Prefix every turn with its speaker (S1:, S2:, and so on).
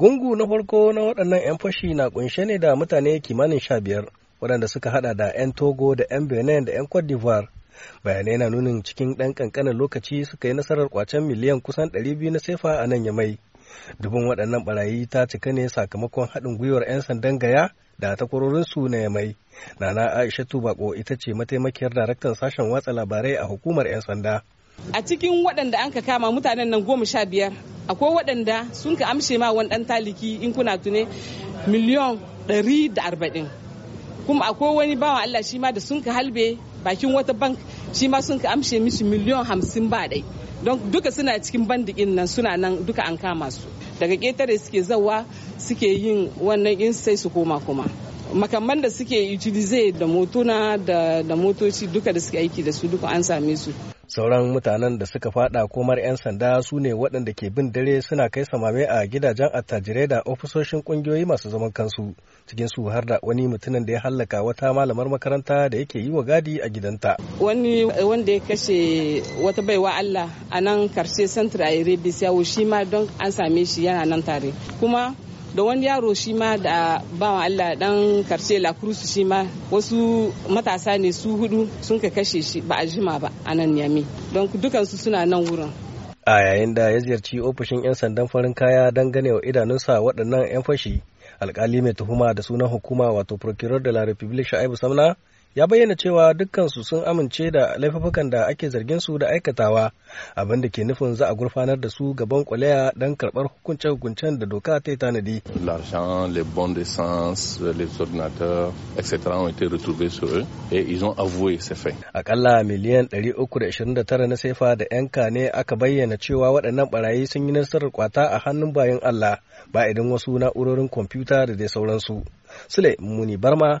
S1: Gungu na farko na waɗannan 'yan fashi na kunshe ne da mutane kimanin sha biyar waɗanda suka hada da 'yan Togo da 'yan Benin da 'yan Cote d'Ivoire. Bayanai na nunin cikin ɗan ƙanƙanin lokaci suka yi nasarar kwacen miliyan kusan ɗari biyu na sefa a nan Yamai. Dubin waɗannan barayi ta cika ne sakamakon haɗin gwiwar 'yan sandan gaya da takwarorinsu na Yamai. Nana Aisha Tubako ita ce mataimakiyar daraktan sashen watsa labarai a hukumar 'yan sanda.
S2: a cikin waɗanda an ka kama mutanen nan goma sha biyar akwai waɗanda sun ka amshe ma wani ɗan taliki in kuna tune miliyan ɗari da arba'in kuma akwai wani bawan Allah shi ma da sun ka halbe bakin wata bank shi ma sun ka amshe mishi miliyan hamsin ba ɗai don duka suna cikin bandikin nan suna nan duka an kama su daga ƙetare suke zawa suke yin wannan in sai su koma kuma makamman da suke utilize da motuna da motoci duka da suke aiki da su duka an same su
S1: sauran mutanen da suka fada komar 'yan sanda su ne waɗanda ke bin dare suna kai samame a gidajen attajirai da ofisoshin ƙungiyoyi masu zaman kansu cikin su har da wani mutumin da ya hallaka wata malamar makaranta da yake yi wa gadi a gidanta
S2: wani eh, wanda ya kashe wata baiwa allah a nan karshe santra a shi ma don an same shi yana nan tare kuma da wani yaro shi ma da bawan Allah dan karshe la cruz shi ma wasu matasa ne su hudu sun ka kashe shi ba a jima ba a nan yami don dukansu suna nan wurin
S1: a yayin da ya ziyarci ofishin 'yan sandan farin kaya don wa idanunsa waɗannan 'yan fashi alkali mai tuhuma da sunan hukuma wato procureur de la republique sha'ibu samna ya bayyana cewa dukkansu sun amince da laifukan da ake zargin su da aikatawa abin da ke nufin za a gurfanar da su gaban kwalaya don karɓar hukunce-hukuncen da doka ta tanadi. L'argent, les bons d'essence, les ordinateurs, etc. ont été retrouvés sur eux et ils ont avoué ces faits. Akalla miliyan 329 na sefa da yanka ne aka bayyana cewa waɗannan barayi sun yi nasarar kwata a hannun bayan Allah ba idan wasu na'urorin kwamfuta da dai sauransu. Sule Muni Barma